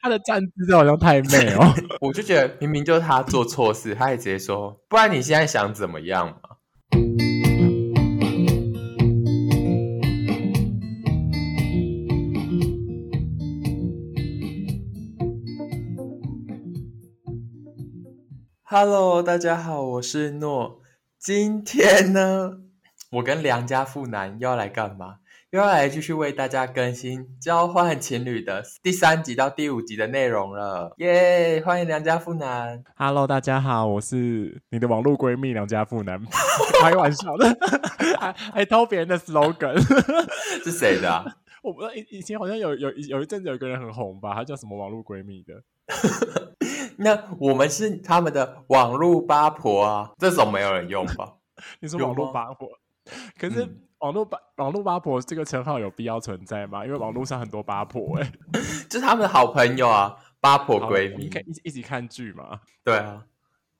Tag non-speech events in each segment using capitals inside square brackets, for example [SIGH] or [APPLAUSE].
他的站姿就好像太妹哦， [LAUGHS] 我就覺得明明就是他做錯事，他也直接說，不然你現在想怎麼樣嘛 [MUSIC] ？Hello，大家好，我是諾，今天呢，我跟良家腹男要來幹嘛？又要來繼續為大家更新《交換情侶》的第三集到第五集的內容了，耶、yeah,！歡迎良家腹男。Hello，大家好，我是你的網絡閨蜜良家腹男，開 [LAUGHS] [LAUGHS] 玩笑的。 [LAUGHS] 還還偷別人的 slogan， [LAUGHS] 是誰的、啊？我不知道，以以前好像有有有一陣子有一個人很紅吧，他叫什麼網絡閨蜜的， [LAUGHS] 那我們是他們的網絡八婆啊，這種沒有人用吧？ [LAUGHS] 你說網絡八婆，可是。嗯網絡八網絡八婆這個稱號有必要存在嗎？因為網絡上很多八婆、欸，哎， [LAUGHS] 就是他們好朋友啊，八婆閨蜜，哦、你可以一起一起看劇嗎？對啊，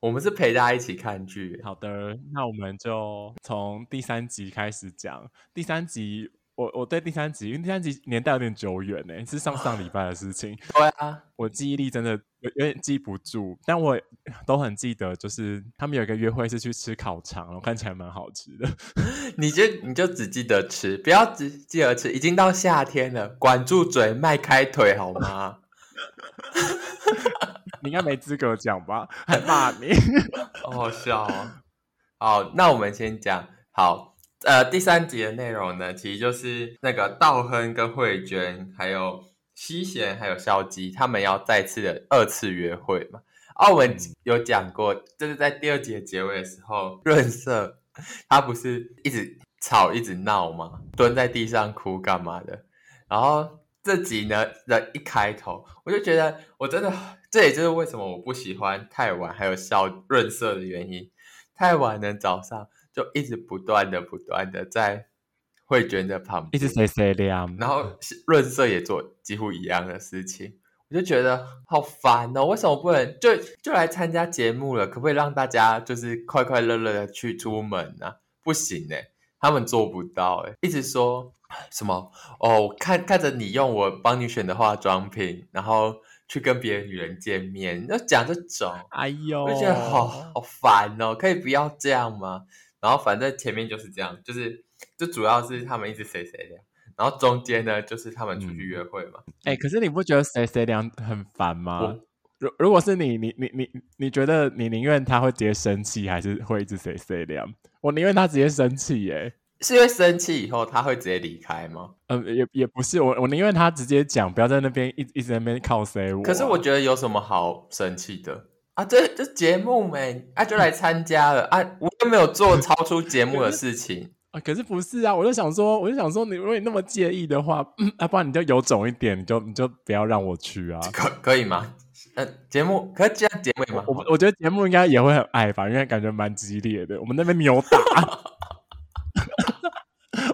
我們是陪大家一起看劇。 [LAUGHS] 好的，那我們就從第三集開始講。第三集。我我對第三集，因為第三集年代有點久遠呢、欸，是上上禮拜的事情。 [LAUGHS] 對啊，我記憶力真的有有點記不住，但我都很記得，就是他們有一個約會是去吃烤腸，看起來蠻好吃的。你就你就只記得吃，不要只記得吃。已經到夏天了，管住嘴，邁開腿，好嗎？ [LAUGHS] [LAUGHS] 你應該沒資格講吧，還罵你， [LAUGHS] oh, 好笑啊、哦！好、oh,，那我們先講好。呃，第三集的內容呢，其實就是那個道亨跟慧娟，還有西賢，還有孝基，他們要再次的二次約會嘛。澳門有講過，就是在第二集結尾的時候，潤瑟他不是一直吵一直鬧嗎？蹲在地上哭幹嘛的？然後這集呢的一開頭，我就覺得我真的，這也就是為什麼我不喜歡太晚還有笑潤瑟的原因。太晚的早上。就一直不斷的、不斷的在會卷的旁邊，一直說說的啊，然後潤色也做幾乎一樣的事情，我就覺得好煩哦！為什麼不能就就來參加節目了？可不可以讓大家就是快快樂樂的去出門呢、啊？不行呢、欸，他們做不到、欸、一直說什麼哦看？看看着你用我幫你選的化妝品，然後去跟別的女人見面，就講這種，哎呦，我覺得好好煩哦！可以不要這樣嗎？然後反正前面就是這樣，就是就主要是他們一直碎碎念，然後中間呢就是他們出去約會嘛。哎、嗯欸，可是你不覺得碎碎念很煩嗎？如果如果是你，你你你你覺得你寧願他會直接生氣，還是會一直碎碎念？我寧願他直接生氣，耶，是因為生氣以後他會直接離開嗎？嗯，也也不是，我我寧願他直接講，不要在那邊一一直在那邊靠誰我、啊。可是我覺得有什麼好生氣的？啊，對，就節目唄，啊，就來參加了， [LAUGHS] 啊，我都沒有做超出節目的事情啊，可是不是啊，我就想說，我就想說你，你如果你那麼介意的話，嗯、啊，不然你就有種一點，你就你就不要讓我去啊，可以可以嗎？節、呃、目可以加節目嗎？我我覺得節目應該也會很愛吧，因為感覺蠻激烈的，我們那邊扭打。 [LAUGHS]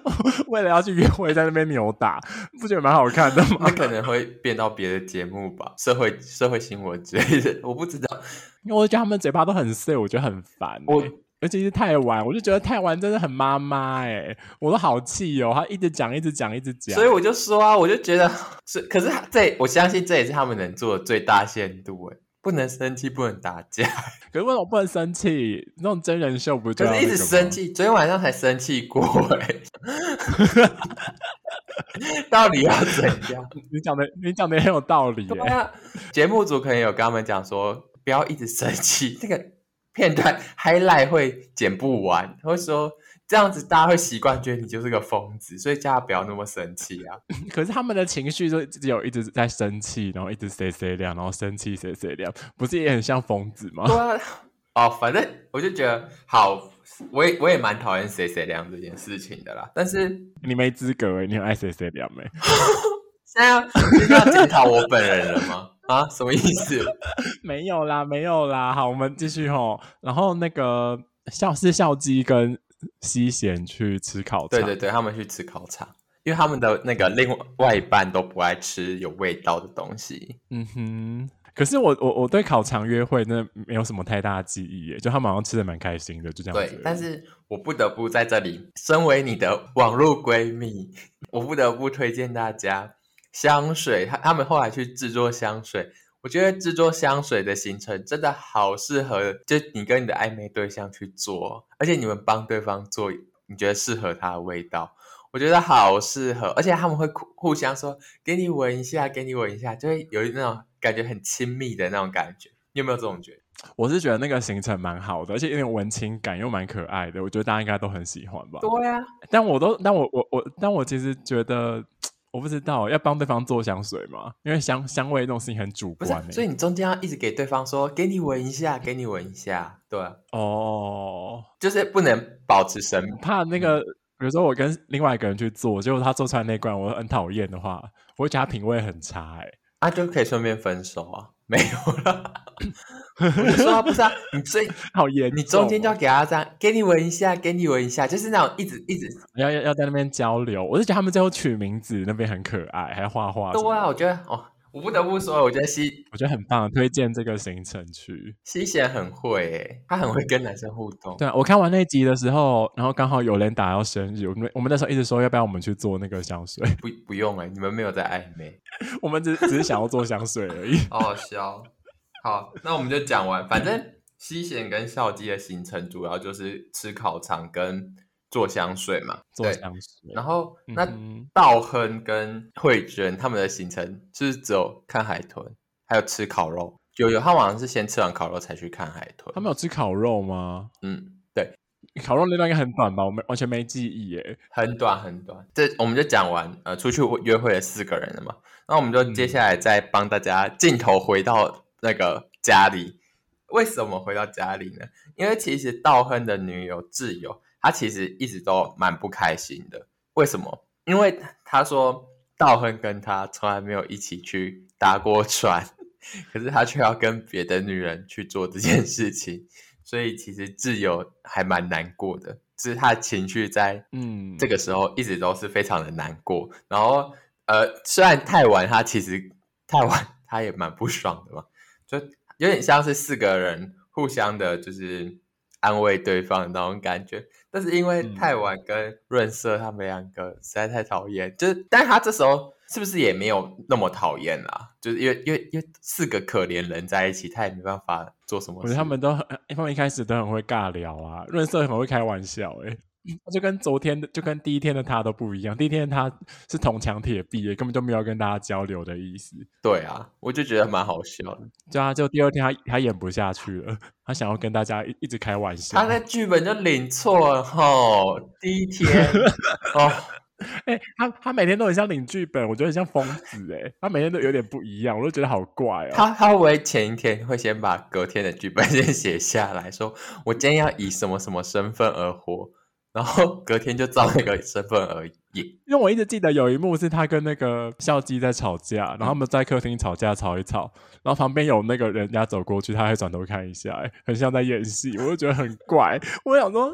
[LAUGHS] 為了要去約會，在那邊扭打，不覺得蠻好看的嗎？ [LAUGHS] 那可能會變到別的節目吧，社會社會新聞之類的，我不知道。因為我覺得他們嘴巴都很碎，我覺得很煩、欸。我，而且是太晚，我就覺得太晚真的很媽媽誒，我都好氣哦，、喔，他一直講，一直講，一直講。所以我就說啊，我就覺得是，可是這我相信這也是他們能做的最大限度誒、欸不能生氣，不能打架。可是為什麼不能生氣，那種真人秀不就是一直生氣？昨天晚上才生氣過、欸，哎， [LAUGHS] [LAUGHS] 到底要怎樣？ [LAUGHS] 你講的，你講的很有道理、欸。那、啊、節目組可能有跟他們講說，不要一直生氣，這 [LAUGHS] 個片段 highlight 會剪不完。或者說。這樣子大家會習慣覺得你就是個瘋子，所以叫他不要那麼生氣啊。 [LAUGHS] 可是他們的情緒就只有一直在生氣，然後一直誰誰亮，然後生氣誰誰亮，不是也很像瘋子嗎？對啊，哦，反正我就覺得好，我也我也蠻討厭誰誰亮這件事情的啦。但是 [LAUGHS] 你沒資格誒、欸，你很愛誰誰亮誒？ [LAUGHS] 是、啊、 [LAUGHS] 你要是要檢討我本人了嗎？ [LAUGHS] 啊，什麼意思？ [LAUGHS] 沒有啦，沒有啦。好，我們繼續吼。然後那個笑是笑肌跟。西咸去吃烤腸。對對對，他們去吃烤腸，因為他們的那個另外一半都不愛吃有味道的東西。嗯哼，可是我我我對烤腸約會那沒有什麼太大的記憶耶，就他們好像吃得蠻開心的，就這樣子。對，但是我不得不在這裡，身為你的網路閨蜜，我不得不推薦大家香水。他他們後來去制作香水。我覺得製作香水的行程真的好適合。就你跟你的曖昧對象去做，而且你們幫對方做，你覺得適合他的味道，我覺得好適合，而且他們會互相說，給你聞一下，給你聞一下，就會有那種感覺很親密的那種感覺。你有沒有這種覺得？我是覺得那個行程蠻好的，而且有點文青感又蠻可愛的，我覺得大家應該都很喜歡吧？對呀，啊，但我都但我我我但我其實覺得。我不知道要幫對方做香水嗎？因為香香味那種事情很主觀、欸，所以你中間要一直給對方說，給你聞一下，給你聞一下。對，哦、oh，就是不能保持神秘，怕那個。比如說我跟另外一個人去做，結果他做出來那罐我很討厭的話，我覺得他品味很差哎、欸，那、啊、就可以順便分手啊。沒有了， [COUGHS] 我說啊，不是啊， [LAUGHS] 你最好嚴，你中間就要給他這樣，給你聞一下，給你聞一下，就是那種一直一直要要要在那邊交流。我就覺得他們最後取名字那邊很可愛，還畫畫，對啊，我覺得哦。我不得不說，我覺得西我覺得很棒，推薦這個行程去。西賢很會、欸，哎，他很會跟男生互動。對啊，我看完那集的時候，然後剛好有人打到生日，我們我們那時候一直說要不要我們去做那個香水？不，不用哎、欸，你們沒有在曖昧， [LAUGHS] 我們只只是想要做香水而已。 [LAUGHS] 哦，笑。好，那我們就講完。反正西賢跟孝基的行程主要就是吃烤腸跟。做香水嘛，做香水。然後、嗯、那道亨跟慧娟他們的行程就是只有看海豚，還有吃烤肉。有有，他晚上是先吃完烤肉才去看海豚。他們有吃烤肉嗎？嗯，對，烤肉那段應該很短吧？我們完全沒記憶耶，很短很短。這我們就講完呃，出去約會的四個人了嘛。那我們就接下來再幫大家鏡頭回到那個家裡。嗯、為什麼回到家裡呢？因為其實道亨的女友智友。他其實一直都蠻不開心的，為什麼？因為他說道亨跟他從來沒有一起去搭過船，可是他卻要跟別的女人去做這件事情，所以其實自由還蠻難過的。只是他的情緒在嗯這個時候一直都是非常的難過。嗯、然後呃，雖然太晚，他其實太晚，他也蠻不爽的嘛，就有點像是四個人互相的就是安慰對方那種感覺。但是因為太晚跟潤瑟他們兩個實在太討厭，嗯，就是，但他這時候是不是也沒有那麼討厭啊？就是因為因為因為四個可憐人在一起，他也沒辦法做什麼事。可是他們都很，他們一開始都很會尬聊啊，潤瑟很會開玩笑誒、欸。就跟昨天的，就跟第一天的他都不一樣。第一天他是銅牆鐵壁，根本就沒有跟大家交流的意思。對啊，我就覺得蠻好笑的。對，就啊，就第二天他他演不下去了，他想要跟大家一,一直開玩笑。他在劇本就領錯了吼，第一天 [LAUGHS] 哦，欸，他他每天都很像領劇本，我覺得很像瘋子哎。他每天都有點不一樣，我都覺得好怪喔。他他會不會前一天會先把隔天的劇本先寫下來說，我今天要以什麼什麼身份而活？然後隔天就照那個身份而已， [LAUGHS] 因為我一直記得有一幕是他跟那個笑雞在吵架，嗯，然後他們在客廳吵架，吵一吵，然後旁邊有那個人家走過去，他還轉頭看一下，欸，很像在演戲，我就覺得很怪，我想說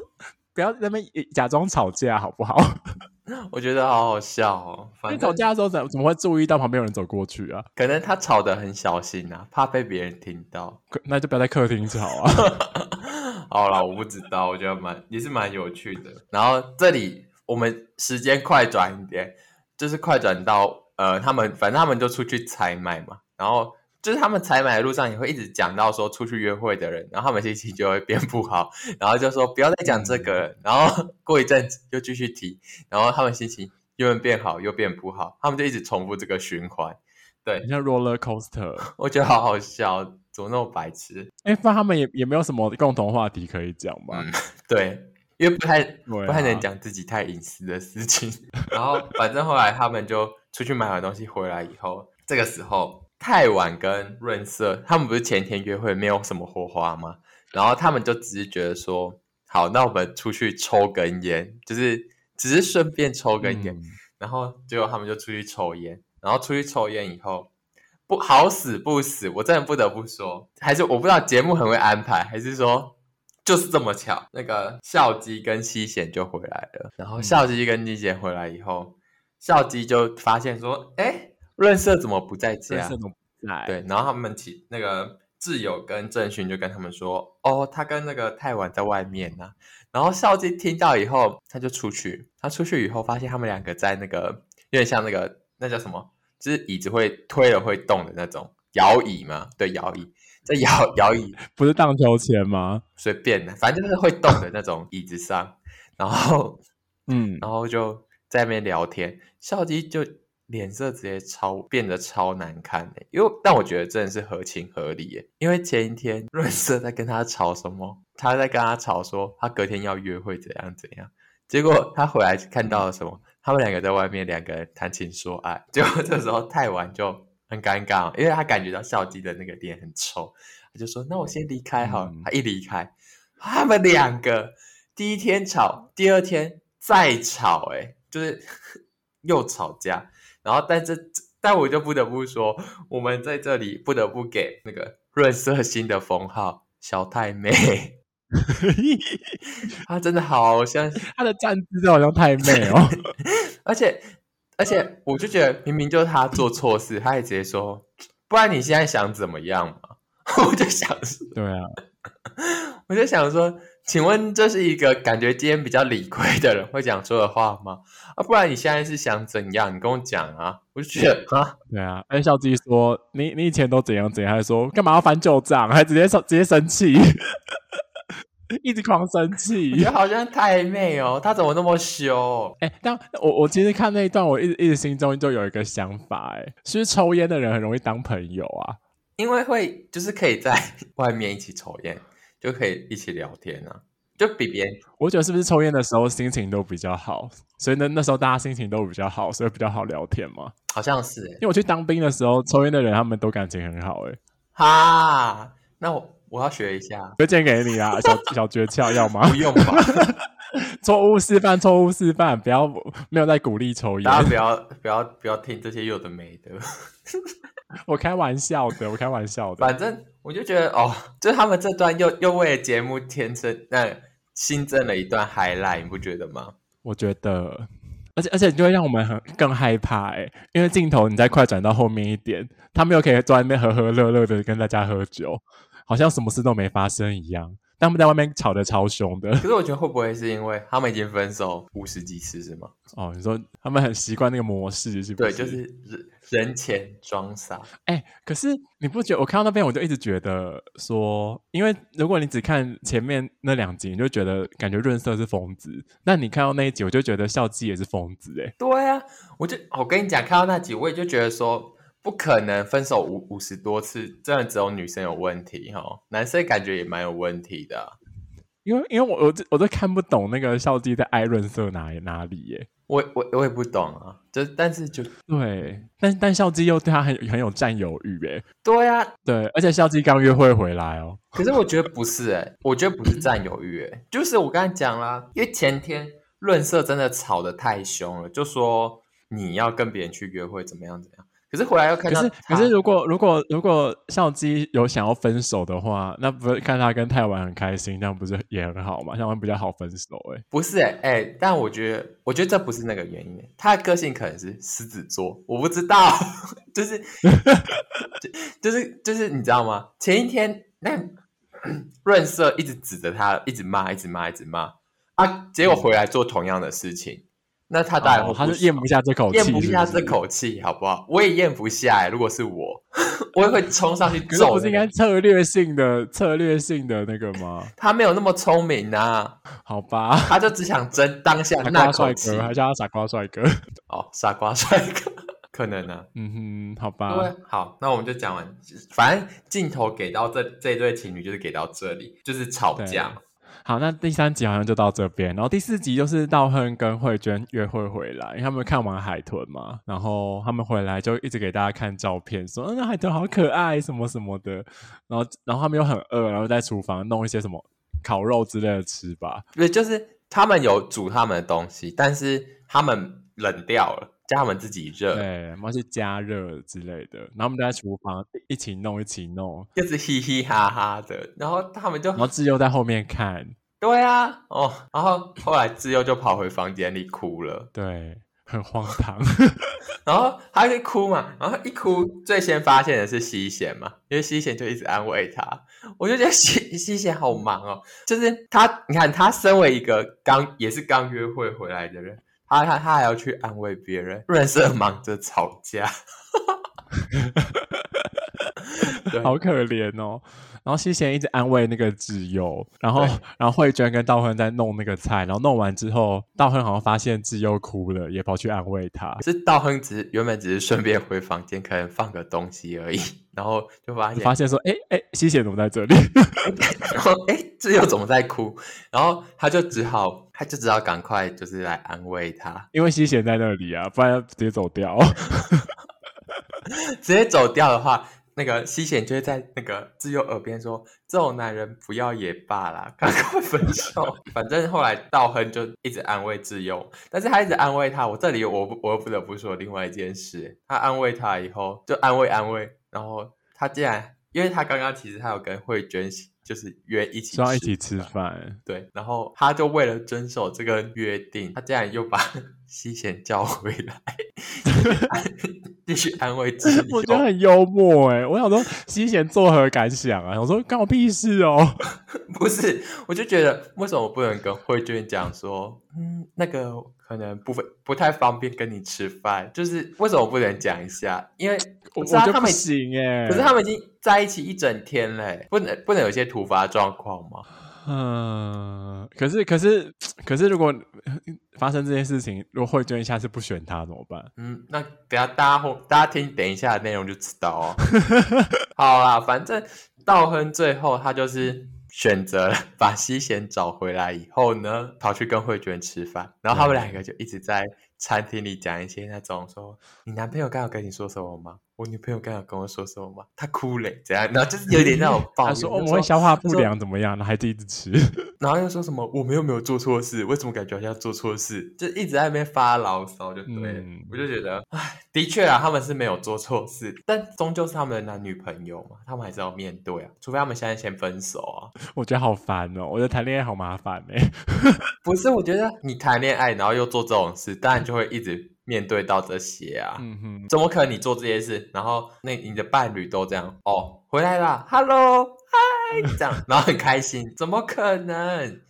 不要在那邊假裝吵架好不好？ [LAUGHS] 我覺得好好笑哦，因吵架的時候怎麼怎麼會注意到旁邊有人走過去啊？可能他吵得很小心啊，怕被別人聽到，那就不要在客廳吵啊。 [LAUGHS] 好了，我不知道，我覺得蠻也是蠻有趣的。然後這裡我們時間快轉一點，就是快轉到呃，他們反正他們就出去採買嘛。然後就是他們採買的路上，也會一直講到說出去約會的人，然後他們心情就會變不好。然後就說不要再講這個了，然後過一陣子又繼續提，然後他們心情又變好又變不好，他們就一直重複這個循環。對，你像 roller coaster，我覺得好好笑。怎麼那麼白痴！哎、欸，不他們也也沒有什麼共同話題可以講吧，嗯？對，因為不太不太能講自己太隱私的事情，啊。然後反正後來他們就出去買完東西回來以後，這個時候太晚，跟潤瑟他們不是前天約會沒有什麼火花嗎？然後他們就只是覺得說，好，那我們出去抽根煙，就是只是順便抽根煙，嗯。然後結果他們就出去抽煙，然後出去抽煙以後。不好死不死，我真的不得不說，還是我不知道節目很會安排，還是說就是這麼巧，那個孝基跟夕賢就回來了。然後孝基跟夕賢回來以後，嗯、孝基就發現說：“哎、欸，潤瑟怎麼不在家？”潤對，然後他們起那個摯友跟鄭勳就跟他們說：“哦，他跟那個泰文在外面呢、啊。”然後孝基聽到以後，他就出去。他出去以後發現他們兩個在那個有點像那個那叫什麼？就是椅子會推了會動的那種搖椅嘛，對，搖椅。這搖搖椅不是盪秋千嗎？隨便的，反正就是會動的那種椅子上， [LAUGHS] 然後，嗯，然後就在那邊聊天，笑基就臉色直接超變得超難看的、欸，因為但我覺得真的是合情合理耶、欸，因為前一天潤瑟在跟他吵什麼，他在跟他吵說他隔天要約會怎樣怎樣，結果他回來就看到了什麼？ [LAUGHS] 他們兩個在外面兩個人談情說愛，結果這時候太晚，就很尷尬，因為他感覺到孝肌的那個點很臭。他就說：“那我先離開好了。”他一離開，他們兩個第一天吵，第二天再吵、欸，誒就是又吵架。然後，但是但我就不得不說，我們在這裡不得不給那個潤瑟新的封號小太妹。 [LAUGHS] 他真的好像， [LAUGHS] 他的站姿就好像太美哦， [LAUGHS] 而且而且，我就覺得明明就是他做錯事，他也直接說：“不然你現在想怎麼樣嘛？”我就想，對啊， [LAUGHS] 我就想說，請問這是一個感覺今天比較理虧的人會講出的話嗎？啊、不然你現在是想怎樣？你跟我講啊！我就覺得啊，對啊，安自己說：“你你以前都怎樣怎樣？”還說幹嘛要翻舊賬？還直接說直接生氣。 [LAUGHS] 一直狂生氣， [LAUGHS] 我覺得好像太妹哦，他怎麼那麼凶、欸？但我我其實看那一段，我一直一直心中就有一個想法、欸，哎，是不是抽煙的人很容易當朋友啊？因為會就是可以在外面一起抽煙， [LAUGHS] 就可以一起聊天啊，就比別人。我覺得是不是抽煙的時候心情都比較好，所以那那時候大家心情都比較好，所以比較好聊天嘛？好像是、欸，因為我去當兵的時候，抽煙的人他們都感情很好、欸，哎，哈，那我。我要學一下，推薦給你啊！小小訣竅 [LAUGHS] 要嗎？不用吧。錯 [LAUGHS] 誤示範，錯誤示範，不要，沒有在鼓勵抽煙。大家不要，不要，不要聽這些有的沒的。 [LAUGHS] 我開玩笑的，我開玩笑的。反正我就覺得哦，就他們這段又又為了節目添增，那新增了一段 highlight，你不覺得嗎？我覺得，而且而且你就會讓我們很更害怕哎、欸，因為鏡頭你再快轉到後面一點，他們又可以坐在那邊和和樂樂的跟大家喝酒。好像什麼事都沒發生一樣，但他們在外面吵得超凶的。可是我覺得會不會是因為他們已經分手五十幾次？是嗎？哦，你說他們很習慣那個模式是不是？對，就是人人前裝傻。哎、欸，可是你不覺得？我看到那邊我就一直覺得說，因為如果你只看前面那兩集，你就覺得感覺潤瑟是瘋子。那你看到那一集，我就覺得笑紀也是瘋子、欸。哎，對啊，我就我跟你講，看到那集我也就覺得說。不可能分手五五十多次，真的只有女生有問題哈，男生感覺也蠻有問題的、啊，因為因為我我就我都看不懂那個孝基在愛潤瑟哪裡哪裡耶、欸，我我我也不懂啊，就但是就對，但但孝基又對他很很有占有欲哎、欸，對呀、啊、對，而且孝基剛約會回來哦、喔，可是我覺得不是哎、欸，我覺得不是占有欲哎、欸， [LAUGHS] 就是我剛才講啦，因為前天潤瑟真的吵得太凶了，就說你要跟別人去約會怎麼樣怎麼樣。可是回來又看，可是可是如果如果如果相機有想要分手的話，那不是看他跟泰文很開心，那樣不是也很好嘛，像我比較好分手？欸，哎，不是哎、欸欸、但我覺得我覺得這不是那個原因、欸，他的個性可能是獅子座，我不知道，就是 [LAUGHS] 就，就是就是你知道嗎？前一天那潤 [COUGHS] 瑟一直指着他，一直罵，一直罵，一直罵啊、嗯，結果回來做同樣的事情。那他當然、哦，他就嚥不下這口氣，嚥不下這口氣，好不好？我也嚥不下、欸、如果是我， [LAUGHS] 我也會衝上去揍、那個。這不是應該策略性的、策略性的那個嗎？他沒有那麼聰明啊，好吧？他就只想爭當下那口氣。傻瓜帥哥，還叫他傻瓜帥哥。哦，傻瓜帥哥，可能呢、啊？嗯哼，好吧。好，那我們就講完。反正鏡頭給到這這對情侶，就是給到這裡，就是吵架。好，那第三集好像就到這邊，然後第四集就是道亨跟慧娟約會回來，因為他們看完海豚嘛，然後他們回來就一直給大家看照片，說：“嗯，那海豚好可愛，什麼什麼的。”然後，然後他們又很餓，然後在廚房弄一些什麼烤肉之類的吃吧。對，就是他們有煮他們的東西，但是他們冷掉了。他們自己熱，然後是加熱之類的，然後我們就在廚房一起弄，一起弄，就是嘻嘻哈哈的。然後他們就，然後自幼在後面看，對啊，哦，然後後來自幼就跑回房間裡哭了，對，很荒唐。 [LAUGHS] 然後他就哭嘛，然後一哭，最先發現的是西賢嘛，因為西賢就一直安慰他，我就覺得西西賢好忙哦，就是他，你看他身為一個剛也是剛約會回來的人。他、啊、他他還要去安慰別人，不然是忙着吵架， [LAUGHS] [LAUGHS] 對，好可憐哦。然後西賢一直安慰那個智友，然後然後慧娟跟道亨在弄那個菜，然後弄完之後，道亨好像發現智友哭了，也跑去安慰他。是道亨只是原本只是順便回房間，可能放個東西而已。然後就發現，發現說，哎、欸、哎、欸，西賢怎麼在這裡？ [LAUGHS] 然後哎、欸，這又怎麼在哭？然後他就只好，他就只好趕快就是來安慰他，因為西賢在那裡啊，不然要直接走掉哦。 [LAUGHS] [LAUGHS] 直接走掉的話，那個西賢就會在那個自由耳邊說：“這種男人不要也罷啦，趕快分手。 [LAUGHS] ”反正後來道亨就一直安慰自由，但是他一直安慰他。我這裡我我又不得不說另外一件事，他安慰他以後就安慰安慰。然後他竟然，因為他剛剛其實他有跟慧娟就是約一起，約一起吃飯。對，然後他就為了遵守這個約定，他竟然又把西賢叫回來， [LAUGHS] 繼續安慰自己。 [LAUGHS] 我覺得很幽默哎、欸，我想說西賢作何感想啊？我想說幹我屁事哦。 [LAUGHS] 不是，我就覺得為什麼我不能跟慧娟講說，嗯，那個可能不不太方便跟你吃飯，就是為什麼不能講一下？因為。我知道他們行、欸、可是他們已經在一起一整天了，不能不能有些突發狀況嗎？嗯，可是可是可是，如果發生這件事情，如果慧娟下次不選他怎麼辦？嗯，那等下大家大家聽等一下的內容就知道哦、喔。 [LAUGHS] 好啦，反正道亨最後他就是選擇把西賢找回來以後呢，跑去跟慧娟吃飯，然後他們兩個就一直在餐廳裡講一些那種說、嗯、你男朋友剛剛跟你說什麼嗎？我女朋友剛剛跟我說什麼嗎？她哭了，怎樣？然後就是有點那種抱怨，嗯、他說、哦說哦：“我們會消化不良，怎麼樣？”然後一直一直吃， [LAUGHS] 然後又說什麼？我們又沒有做錯事，為什麼感覺好像做錯事？就一直在那邊發牢騷，就對、嗯、我就覺得，唉，的確啊，他們是沒有做錯事，但終究是他們的男女朋友嘛，他們還是要面對啊。除非他們現在先分手啊。我覺得好煩哦、喔！我覺得談戀愛好麻煩誒、欸。 [LAUGHS] 不是，我覺得你談戀愛，然後又做這種事，當然就會一直。面對到這些啊，嗯，怎麼可能你做這些事，然後那你的伴侶都這樣哦，回來啦，Hello，嗨，這樣然後很開心， [LAUGHS] 怎麼可能？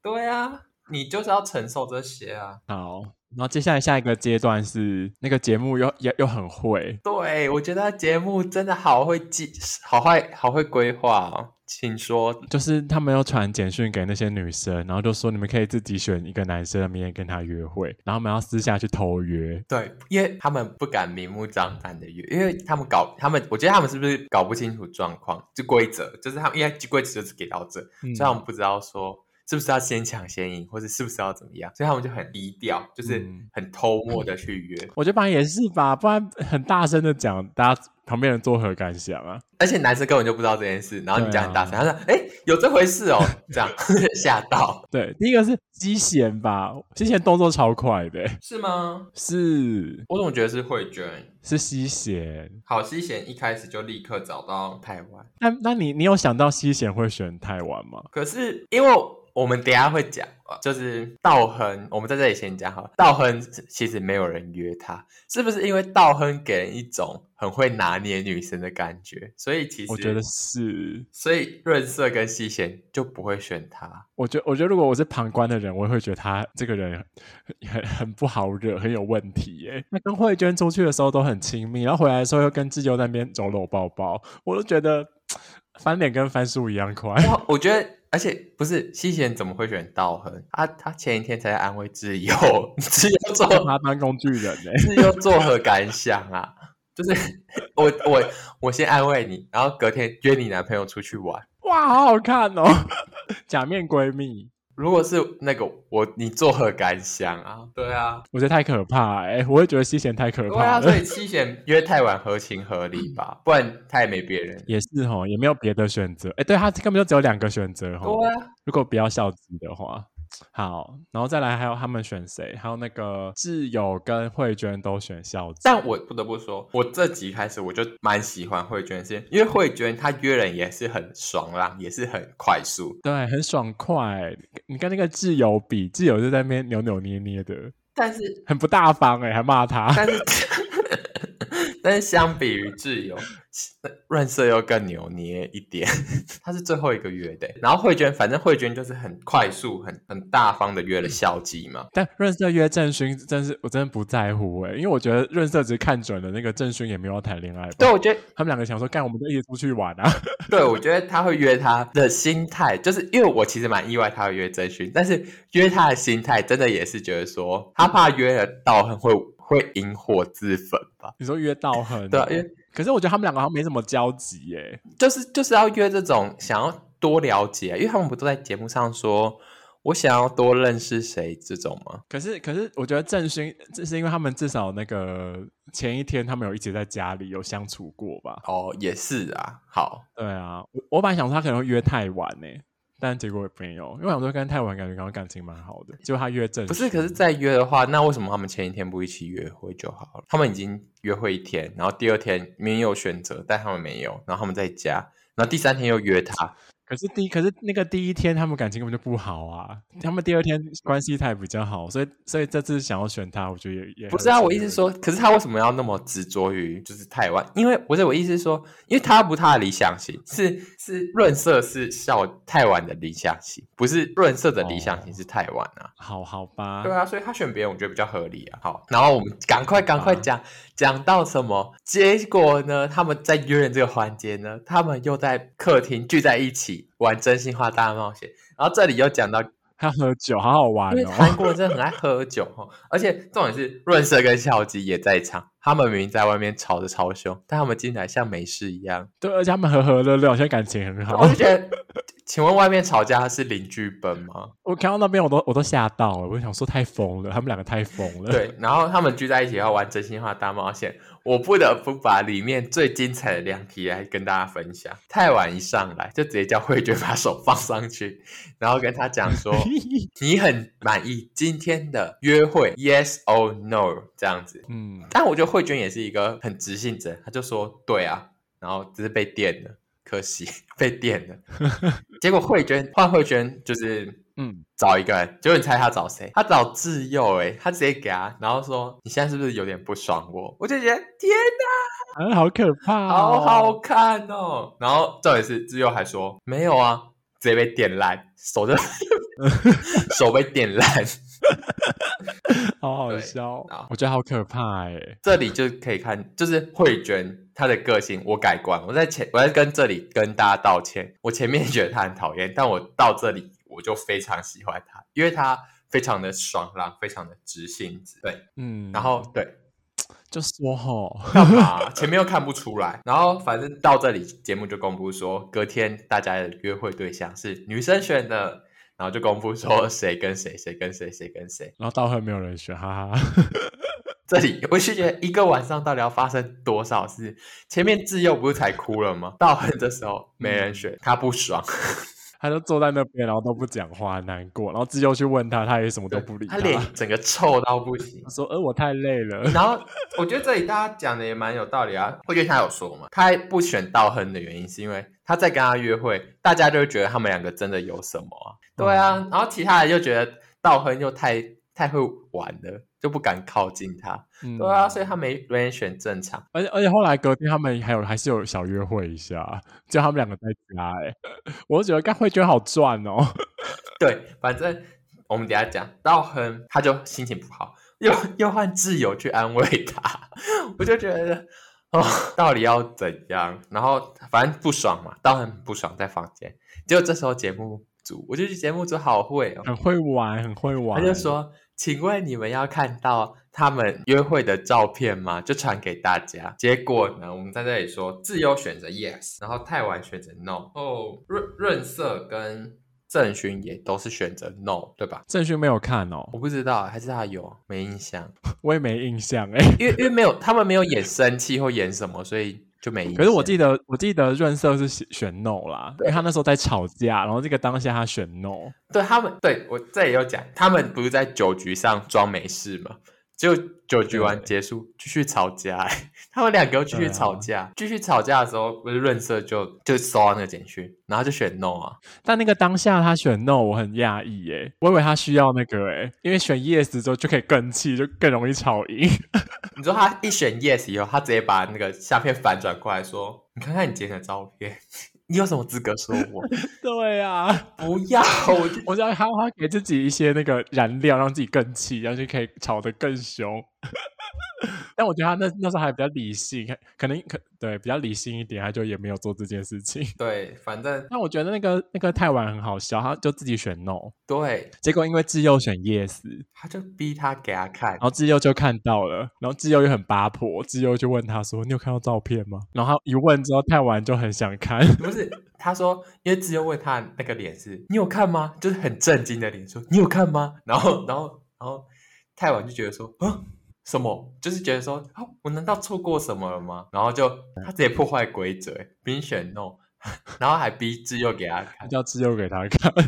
對啊，你就是要承受這些啊。好。然後接下來下一個階段是那個節目又又又很會，對我覺得節目真的好會計，好會好會規劃。哦，請說，就是他們要傳簡訊給那些女生，然後就說你們可以自己選一個男生，明天跟他約會，然後我們要私下去偷約。對，因為他們不敢明目張膽的約，因為他們搞他們，我覺得他們是不是搞不清楚狀況？就規則就是他們因為規則就是給到這，雖然我們不知道說。是不是要先搶先贏，或者是，是不是要怎麼樣？所以他們就很低調，就是很偷摸的去約。嗯嗯、我覺得反正也是吧，不然很大聲的講，大家旁邊人作何的感想啊？而且男生根本就不知道這件事，然後你講很大聲，啊，他說：“哎，欸，有這回事哦，喔。 [LAUGHS] ”這樣嚇到。對，第一個是西賢吧，西賢動作超快的，欸，是嗎？是。我總覺得是會娟，是西賢。好，西賢一開始就立刻找到台灣。那那你你有想到西賢會選台灣嗎？可是因為。我們等一下會講，就是道亨，我們在這裡先講好了。道亨其實沒有人約他，是不是因為道亨給人一種很會拿捏女生的感覺？所以其實我覺得是，所以潤瑟跟西賢就不會選他。我覺得我覺得如果我是旁觀的人，我也會覺得他這個人很很不好惹，很有問題耶、欸。那跟惠娟出去的時候都很親密，然後回來的時候又跟智久在那邊摟摟抱抱，我都覺得翻臉跟翻書一樣快。我，我覺得。而且不是西賢怎麼會選道亨？他他前一天才在安慰自由，自由做 [LAUGHS] 他當工具人呢、欸？自由作何感想啊？ [LAUGHS] 就是我我我先安慰你，然後隔天約你男朋友出去玩。哇，好好看哦， [LAUGHS] 假面閨蜜。如果是那個我，你作何感想啊，啊？對啊，我覺得太可怕哎、欸！我也覺得七賢太可怕了。對啊，所以西賢約太晚合情合理吧、嗯？不然他也沒別人。也是齁，也沒有別的選擇哎、欸，對他根本就只有兩個選擇齁、啊。如果不要孝子的話。好，然後再來，還有他們選誰？還有那個智友跟慧娟都選孝子。但我不得不說，我這集開始我就蠻喜歡慧娟，先，因為慧娟她約人也是很爽朗，也是很快速，對，很爽快、欸。你跟那個智友比，智友就在那邊扭扭捏捏,捏的，但是很不大方哎、欸，還罵他。 [LAUGHS] 但是相比於自由，潤 [LAUGHS] 瑟又更扭捏一點。 [LAUGHS] 他是最後一個約的、欸，然後慧娟反正慧娟就是很快速、很很大方的約了小吉嘛。但潤瑟約鄭勳，真是我真的不在乎哎、欸，因為我覺得潤瑟只是看準了那個鄭勳也沒有談戀愛。對，我覺得他們兩個想說，幹，我們就一起出去玩啊。 [LAUGHS] 對，我覺得他會約他的心態，就是因為我其實蠻意外他會約鄭勳，但是約他的心態真的也是覺得說，他怕約得到很會。會引火自焚吧？你說約到很 [LAUGHS] 對、啊，可是我覺得他們兩個好像沒什麼交集耶，就是就是要約這種想要多了解，因為他們不都在節目上說我想要多認識誰這種嗎？可是可是我覺得正勳，這是因為他們至少那個前一天他們有一直在家裡有相處過吧？哦，也是啊，好，對啊，我我本來想說他可能會約太晚誒。但結果也沒有，因為我們跟太晚，感覺剛剛感情蠻好的，就他約正。不是，可是再約的話，那為什麼他們前一天不一起約會就好了？他們已經約會一天，然後第二天明明有選擇，但他們沒有，然後他們在家，然後第三天又約他。可是第，可是那個第一天他們感情根本就不好啊，他們第二天關係才比較好，所以所以這次想要選他，我覺得也,也不是啊。我意思說，可是他為什麼要那麼執着於就是台灣？因為不是我意思是說，因為他不他的理想型是是潤瑟是笑台灣的理想型，不是潤瑟的理想型是台灣啊、哦。好好吧，對啊，所以他選別人我覺得比較合理啊。好，然後我們趕快趕快講講、啊、到什麼結果呢？他們在約人這個環節呢，他們又在客廳聚在一起。玩真心話大冒險，然後這裡又講到他喝酒，好好玩哦。韓國人真的很愛喝酒哈， [LAUGHS] 而且重點是潤瑟跟孝基也在場，他們明明在外面吵得超凶，但他們進來像沒事一樣。對，而且他們和和樂樂，好像感情很好。我覺得，請問外面吵架是零劇本嗎？我看到那邊我都我都嚇到了，我想說太瘋了，他們兩個太瘋了。對，然後他們聚在一起要玩真心話大冒險。我不得不把裡面最精彩的兩題來跟大家分享。太晚一上來就直接叫慧娟把手放上去，然後跟他講說你很滿意今天的約會，Yes or No 這樣子。嗯，但我覺得慧娟也是一個很直性子，他就說對啊，然後只是被電了，可惜被電了。結果慧娟換慧娟就是。嗯，找一個人，結果你猜他找誰？他找智佑哎、欸，他直接給啊，然後說，你現在是不是有點不爽我？我就覺得天哪、啊嗯，好可怕、哦，好好看哦。然後重點是智佑還說沒有啊，直接被點爛手的 [LAUGHS] [LAUGHS] [LAUGHS] 手被點爛 [LAUGHS] 好好笑啊！我覺得好可怕哎、欸，這裡就可以看，就是慧娟她的個性我改觀，我在前我在跟這裡跟大家道歉，我前面覺得她很討厭，但我到這裡。我就非常喜歡他，因為他非常的爽朗，非常的直性子。對，嗯，然後對，就說、是、好幹 [LAUGHS] 嘛？前面又看不出來，然後反正到這裡節目就公布說，隔天大家的約會對象是女生選的，然後就公布說誰跟誰，誰跟誰，誰跟誰。然後到後沒有人選，哈哈。 [LAUGHS] 這裡我是覺得一個晚上到底要發生多少事？前面自幼不是才哭了嗎？到後的時候沒人選，他不爽。嗯他就坐在那邊，然後都不講話，難過。然後自己又去問他，他也什麼都不理他。他臉整個臭到不行。他說：“呃，我太累了。”然後我覺得這裡大家講的也蠻有道理啊。會覺得他有說嗎？他不選道亨的原因是因為他在跟他約會，大家就會覺得他們兩個真的有什麼啊。嗯。對啊，然後其他人就覺得道亨又太。太會玩了，就不敢靠近他、嗯啊。對啊，所以他沒人選正常。而且而且後來隔天他們還有還是有小約會一下，就他們兩個在家、欸。 [LAUGHS] 我覺得該會覺得好賺哦。對，反正我們等一下講。道亨他就心情不好，又又換自由去安慰他。 [LAUGHS] 我就覺得 [LAUGHS] 哦，到底要怎樣？然後反正不爽嘛，當然不爽在房間。結果這時候節目組，我就覺得節目組好會、哦，很會玩，很會玩。他就說。請問你們要看到他們約會的照片嗎？就傳給大家。結果呢？我們在這裡說自由選擇 yes，然後泰完選擇 no。哦，潤、潤瑟跟鄭勳也都是選擇 no，對吧？鄭勳沒有看哦，我不知道，還是他有，沒印象？我也沒印象欸，因為因為沒有他們沒有演生氣或演什麼，所以。就沒意思。可是我記得，我記得潤瑟是選選 no 啦，對，因為他那時候在吵架，然後這個當下他選 no。對他們，對我這也有講，他們不是在酒局上裝沒事嗎？就九局完結束，繼續吵架， [LAUGHS] 他們兩個繼續吵架。啊、繼續吵架的時候，不是潤瑟就就收到那個簡訊，然後就選 no 啊。但那個當下他選 no，我很訝異耶，我以為他需要那個哎，因為選 yes 之後就可以更氣，就更容易吵贏 [LAUGHS] 。你說他一選 yes 以後，他直接把那個相片反轉過來說：“你看看你剪的照片。”你有什麼資格說我？ [LAUGHS] 對啊，不要我， [LAUGHS] 我在豪華給自己一些那個燃料，讓自己更氣，然後就可以吵得更凶。 [LAUGHS] [LAUGHS] 但我覺得他那那時候還比較理性，可能可對比較理性一點，他就也沒有做這件事情。對，反正。但我覺得那個那個泰完很好笑，他就自己選 no。對，結果因為智幼選 yes，他就逼他給他看，然後智幼就看到了，然後智幼又很八婆，智幼就問他說：“你有看到照片嗎？”然後他一問之後，泰完就很想看。 [LAUGHS] 不是，他說因為智幼問他那個臉是你有看嗎？就是很震驚的臉，說你有看嗎？然後然後然後泰完就覺得說啊。什麼？就是覺得說，哦、我難道錯過什麼了嗎？然後就他直接破壞規則，並、嗯、選 no，然後還逼智又給他，看。叫智又給他看，給他看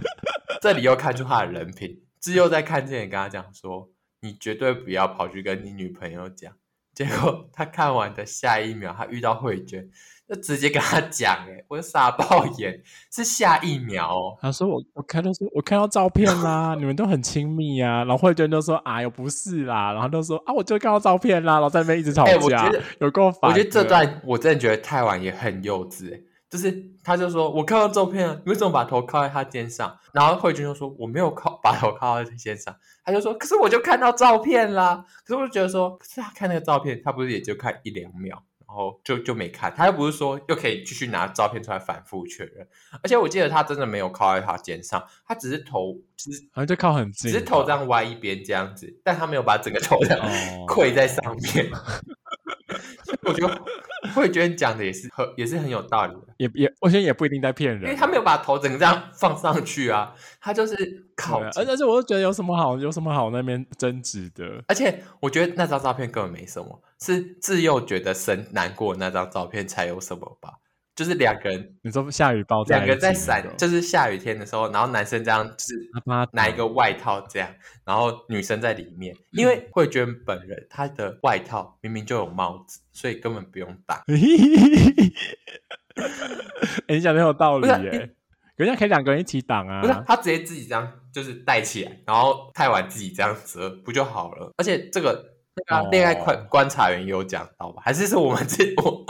[LAUGHS] 這裡又看出他的人品，智又在看之前跟他講說，你絕對不要跑去跟你女朋友講，結果他看完的下一秒，他遇到慧娟。就直接跟他講、欸，我就傻爆眼，是下一秒、喔。他說我我看到說，我看到照片啦、啊， [LAUGHS] 你們都很親密呀、啊。然後慧君就說，哎、啊、呦不是啦，然後他說啊，我就看到照片啦、啊，然後在那邊一直吵架、啊欸我覺得，有夠煩。我覺得這段我真的覺得太晚也很幼稚、欸，就是他就說我看到照片了，你為什麼把頭靠在他肩上？然後慧君就說我沒有靠，把頭靠在他肩上。他就說可是我就看到照片啦，可是我就覺得說可是他看那個照片，他不是也就看一兩秒。然後就就沒看，他又不是說又可以繼續拿照片出來反覆確認，而且我記得他真的沒有靠在他肩上，他只是頭，其實啊就靠很近，只是頭這樣歪一邊這樣子，但他沒有把整個頭這樣跪在上面，哦、 [LAUGHS] 我覺得。 [LAUGHS] 慧娟講的也是很，也是很有道理的，也也，我覺得也不一定在騙人，因為他沒有把頭整個這樣放上去啊，他就是靠、啊，而且是，我都覺得有什麼好，有什麼好那邊爭執的，而且我覺得那張照片根本沒什麼，是自幼覺得生難過那張照片才有什麼吧。就是兩個人，你不下雨包，兩個在閃，喔、就是下雨天的時候，然後男生這樣，就是拿一個外套這樣，然後女生在裡面，嗯、因為慧娟本人她的外套明明就有帽子，所以根本不用擋 [LAUGHS] [LAUGHS] 欸。你想沒有道理耶，欸，人家、欸、可，可以兩個人一起擋啊，不是他直接自己這樣就是戴起來，然後太晚自己這樣折不就好了？而且這個，啊，戀愛觀觀察員也有講到吧，哦，還是是我們這我？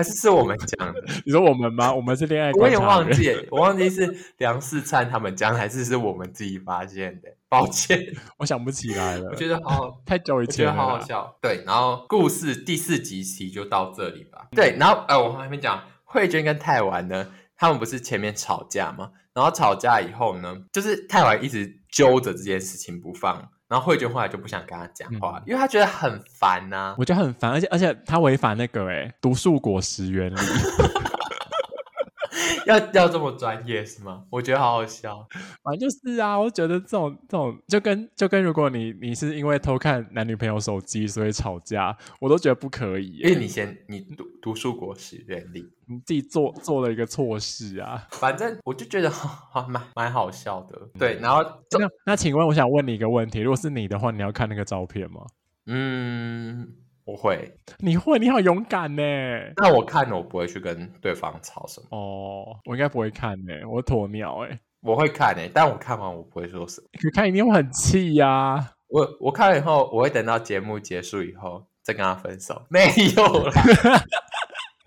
還是是我們講的， [LAUGHS] 你說我們嗎？我們是戀愛，我也忘記，我忘記是梁世燦他們講，還是是我們自己發現的？抱歉， [LAUGHS] 我想不起來了。我覺得好，好 [LAUGHS] 太久以前了，我覺得好好笑。對，然後故事第四集期就到這裡吧。對，然後呃，我還沒講慧娟跟泰完呢，他們不是前面吵架嗎？然後吵架以後呢，就是泰完一直揪着這件事情不放。然後慧娟後來就不想跟他講話，嗯、因為他覺得很煩吶、啊。我覺得很煩，而且而且他違反那個誒，毒樹果實原理。 [LAUGHS] [LAUGHS] 要要這麼專業是嗎？我覺得好好笑，反正就是啊，我覺得這種這種就跟就跟如果你你是因為偷看男女朋友手機所以吵架，我都覺得不可以、欸，因為你先你讀讀書國史原理，你自己做做了一個錯事啊。反正我就覺得好蠻蠻好，好笑的、嗯，對。然後那，那請問我想問你一個問題，如果是你的話，你要看那個照片嗎？嗯。我會，你會，你好勇敢呢！但我看我不會去跟對方吵什麼哦。Oh, 我應該不會看呢、欸，我鴕鳥哎。我會看哎、欸，但我看完我不會說什麼。看你看一定會很氣呀、啊。我我看了以後，我會等到節目結束以後再跟他分手，沒有 [LAUGHS]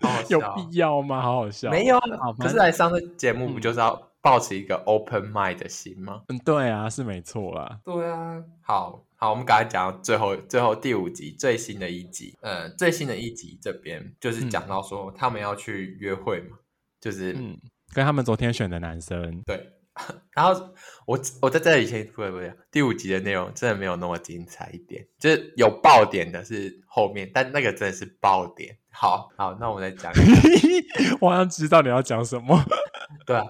[LAUGHS] 好好笑，有必要嗎？好好笑、啊。沒有、啊、好，可是來上這節目不就是要抱持一個 open mind 的心嗎？嗯，對啊，是沒錯啦。對啊，好。好，我們剛才講到最後，最後第五集最新的一集，呃、嗯，最新的一集這邊就是講到說他們要去約會嘛，嗯、就是跟他們昨天選的男生。對，然後我我在這裡先，不對不對，第五集的內容真的沒有那麼精彩一點，就是有爆點的是後面，但那個真的是爆點。好，好，那我們再講， [LAUGHS] 我好像知道你要講什麼， [LAUGHS] 對啊。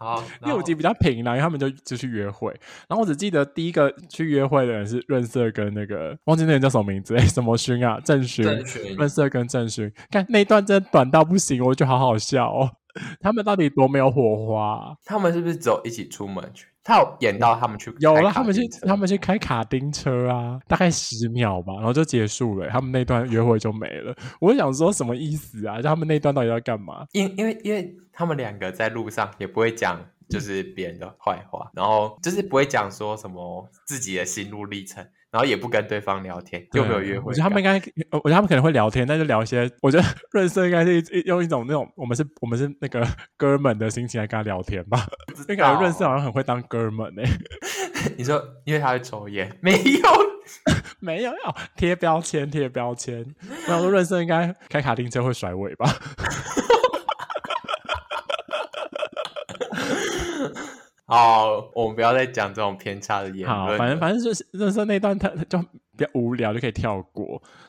啊，第五集比較平，然後他們就就去約會。然後我只記得第一個去約會的人是潤瑟跟那個忘記那人叫什麼名字，欸、什麼勳啊，鄭勳，潤瑟跟鄭勳。看那一段真的短到不行，我就覺得好好笑哦。他們到底多沒有火花啊？他們是不是只有一起出門去?他有演到他們去，有了，他們去，他們去開卡丁車啊，大概十秒吧，然後就結束了，他們那段約會就沒了。我想說什麼意思啊？就他們那段到底要幹嘛？因為因為因為他們兩個在路上也不會講，就是別人的壞話、嗯，然後就是不會講說什麼自己的心路歷程。然後也不跟對方聊天，又沒有約會。我覺得他們應該，我覺得他們可能會聊天，但是聊一些。我覺得潤瑟應該是一一用一種那種我們是我們是那個哥們的心情來跟他聊天吧。那感覺潤瑟好像很會當哥們哎。你說，因為他會抽煙，沒有 [LAUGHS] 沒有貼標籤貼標籤。然後說潤瑟應該開卡丁車會甩尾吧。 [LAUGHS] 好、哦、我們不要再講這種偏差的言論的。好，反正反正就是認識、就是、那段特，他就比較無聊，就可以跳過。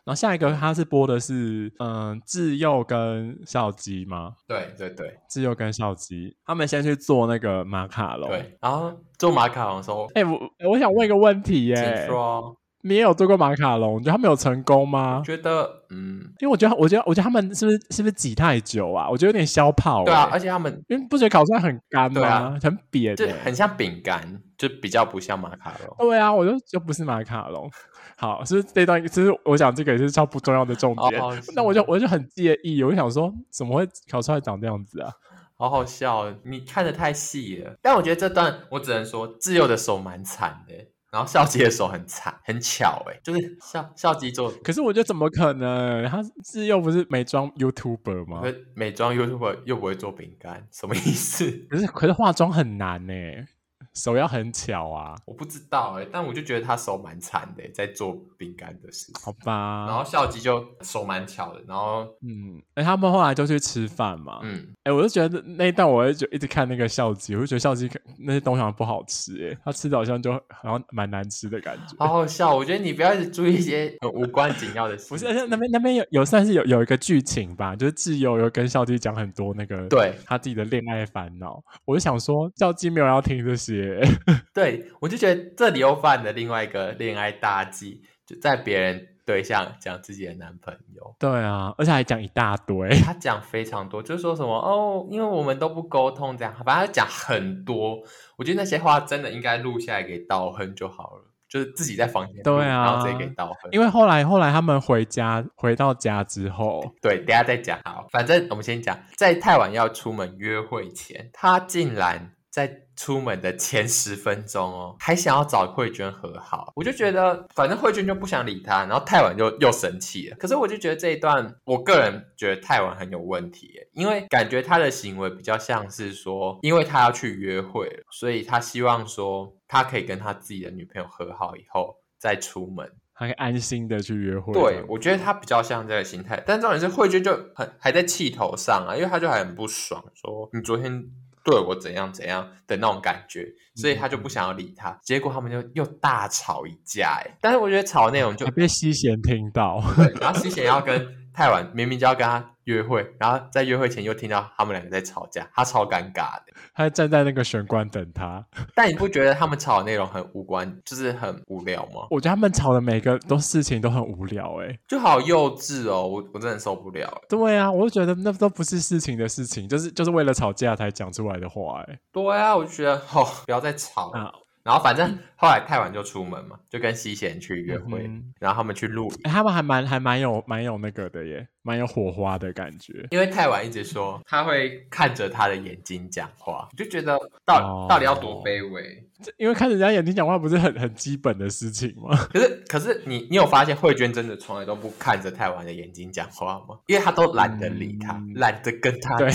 然後下一個他是播的是，嗯，智佑跟孝吉嗎？對對對，智佑跟孝吉，他們先去做那個馬卡龍。對，然、啊、後做馬卡龍的時候，哎、欸，我我想問一個問題、欸，哎、哦，說。你也有做過馬卡龍，覺得他們有成功嗎？覺得嗯，因為我覺得，我覺得，我覺得他們是不是是不是擠太久啊？我覺得有點消泡，啊。對啊，而且他們因為不覺得烤出來很乾嗎？啊，很癟，就很像餅乾，就比較不像馬卡龍。對啊，我就就不是馬卡龍。 [LAUGHS] 好，是，不是這一段其實我想這個也是超不重要的重點。那， [LAUGHS] 哦、我就我就很介意，我就想說怎麼會烤出來長那樣子啊？好好笑，哦，你看得太細了。但我覺得這段我只能說自由的手蠻慘的。然後笑肌的手很慘，啊、很巧哎、欸，就是笑笑肌做，可是我覺得怎麼可能？他是又不是美妝 YouTuber 嗎？美妝 YouTuber 又不會做餅乾，什麼意思？不是，可是化妝很難呢、欸。手要很巧啊！我不知道哎、欸，但我就覺得他手蠻殘的、欸，在做餅乾的事情。好吧。然後校吉就手蠻巧的，然後嗯，欸、他們後來就去吃飯嘛。嗯，哎、欸，我就覺得那一段，我就一直看那個校吉，我就覺得校吉那些東西好像不好吃哎、欸，他吃好像就好像蠻難吃的感覺。好好笑！我覺得你不要一直注意一些很無關緊要的事情。 [LAUGHS] 不是那邊那邊有有算是有有一個劇情吧，就是自由有跟校吉講很多那個對他自己的戀愛煩惱。我就想說，校吉沒有要聽這些。 [LAUGHS] 對，我就覺得這裡又犯了另外一個戀愛大忌，就在別人對象講自己的男朋友。對啊，而且還講一大堆。他講非常多，就是說什麼哦，因為我們都不溝通，這樣反正他講很多。我覺得那些話真的應該錄下來給道亨就好了，就是自己在房間對啊，然後直接給道亨，因為後來後來他們回家回到家之後，對，等下再講。好，反正我們先講，在太晚要出門約會前，他竟然在出門的前十分鐘哦，還想要找慧娟和好，我就覺得反正慧娟就不想理他，然後太晚就又生氣了。可是我就覺得這一段，我個人覺得太晚很有問題耶，因為感覺他的行為比較像是說，因為他要去約會，所以他希望說，他可以跟他自己的女朋友和好以後再出門，他可以安心的去約會。對，我覺得他比較像這個心態，但重點是慧娟就很還在氣頭上啊，因為他就還很不爽，說你昨天，對我怎樣怎樣的那種感覺，所以他就不想要理他，嗯、結果他們就又大吵一架，哎，但是我覺得吵的內容就被西賢聽到，然後西賢要跟。 [LAUGHS] 太晚，明明就要跟他約會，然後在約會前又聽到他們兩個在吵架，他超尷尬的。他在站在那個玄關等他， [LAUGHS] 但你不覺得他們吵的內容很無關，就是很無聊嗎？ [LAUGHS] 我覺得他們吵的每個都事情都很無聊，欸，哎，就好幼稚哦，我我真的受不了，欸。對啊，我就覺得那都不是事情的事情，就是就是為了吵架才講出來的話，欸，哎。對啊，我就覺得好，哦，不要再吵了。啊然後反正後來太晚就出門嘛，就跟西賢去約會。嗯、然後他們去錄、欸，他們還蠻還蠻有蠻有那個的耶，蠻有火花的感覺。因為太晚一直說他會看着他的眼睛講話，就覺得到底、哦、到底要多卑微？這因為看人家眼睛講話不是很很基本的事情嗎？可是可是你你有發現慧娟真的從來都不看着太晚的眼睛講話嗎？因為她都懶得理他、嗯，懶得跟他講。對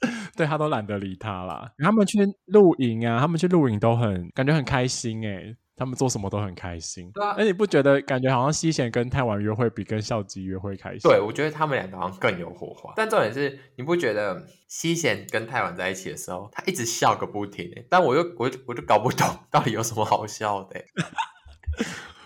[LAUGHS] 對，他都懶得理他了。他們去露營啊，他們去露營都很感覺很開心哎、欸。他們做什麼都很開心。那、啊欸、你不覺得感覺好像西賢跟泰晚約會比跟孝吉約會開心？對，我覺得他們兩個好像更有火花。 [LAUGHS] 但重點是，你不覺得西賢跟泰晚在一起的時候，他一直笑個不停、欸？但我又我我就搞不懂到底有什麼好笑的、欸。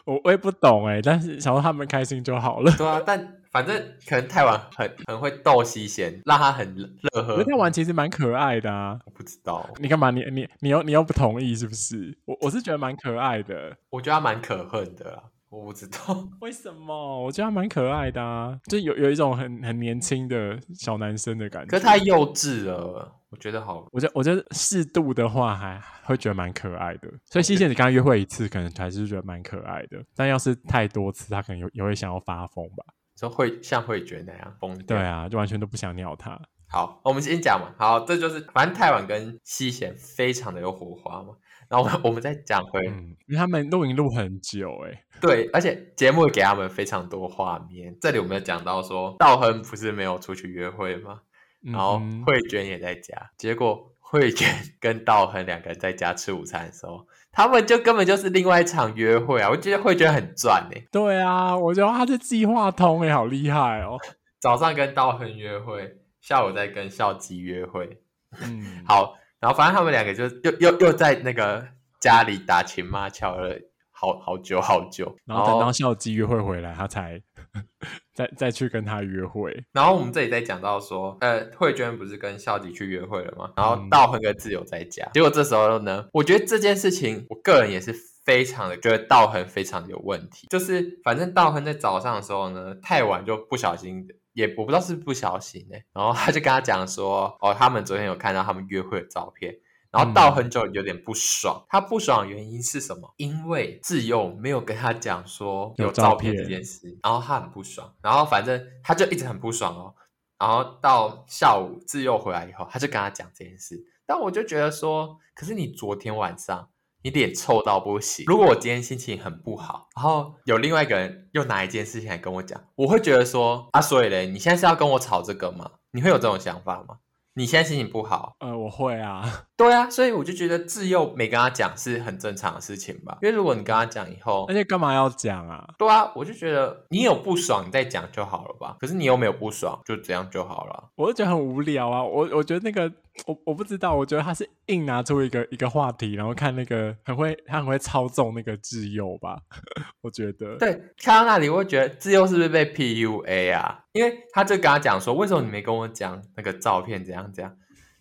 我 [LAUGHS] 我也不懂哎、欸，但是想說他們開心就好了。對啊，但。反正可能泰文很很會逗西賢，讓他很樂呵。那泰文其實蠻可愛的啊，我不知道你幹嘛，你你你又你又不同意是不是？我我是覺得蠻可愛的，我覺得他蠻可恨的，我不知道為什麼，我覺得他蠻可愛的啊，就有有一種很很年輕的小男生的感覺，可是太幼稚了。我覺得好，我覺得我覺得適度的話還會覺得蠻可愛的。所以西賢，你跟他約會一次，可能還是覺得蠻可愛的，但要是太多次，他可能有也會想要發瘋吧。就會像惠娟那樣瘋掉，對啊，就完全都不想鳥他。好，我們先講嘛。好，這就是反正泰晚跟西賢非常的有火花嘛。然後我們，我們再講回，嗯、因為他們錄影錄很久哎、欸，對，而且節目給他們非常多畫面。 [LAUGHS] 這裡我們有講到說，道亨不是沒有出去約會嗎？然後慧娟、嗯、也在家，結果慧娟跟道亨兩個人在家吃午餐的時候。他們就根本就是另外一場約會啊！我覺得會覺得很賺呢、欸。對啊，我覺得他的計劃通哎、欸，好厲害哦、喔！早上跟道亨約會，下午再跟校雞約會。嗯，好，然後反正他們兩個就又又又在那個家裡打情罵俏了，好好久好久。然後等到校雞約會回來，他才。 [LAUGHS] 再再去跟他約會，然後我們這裡在講到說，呃，慧娟不是跟孝吉去約會了嗎？然後道恆跟自由在家，嗯，結果這時候呢，我覺得這件事情，我個人也是非常的覺得道恆非常的有問題，就是反正道恆在早上的時候呢，太晚就不小心，也我不知道是不，是不小心呢，欸，然後他就跟他講說，哦，他們昨天有看到他們約會的照片。然後到很久有點不爽、嗯，他不爽的原因是什麼？因為自幼沒有跟他講說有照片這件事，然後他很不爽，然後反正他就一直很不爽哦。然後到下午自幼回來以後，他就跟他講這件事。但我就覺得說，可是你昨天晚上你臉臭到不行。如果我今天心情很不好，然後有另外一個人又拿一件事情來跟我講，我會覺得說啊，所以嘞，你現在是要跟我吵這個嗎？你會有這種想法嗎？你現在心情不好？呃，我會啊，對啊，所以我就覺得自幼沒跟他講是很正常的事情吧。因為如果你跟他講以後，而且幹嘛要講啊？對啊，我就覺得你有不爽你再講就好了吧。可是你又沒有不爽，就這樣就好了。我就覺得很無聊啊。我我覺得那個。我我不知道，我覺得他是硬拿出一個一個話題，然後看那個很會，他很會操縱那個摯友吧？我覺得，對，看到那裡我會覺得摯友是不是被 PUA 啊？因為他就跟他講說，為什麼你沒跟我講那個照片怎樣怎樣？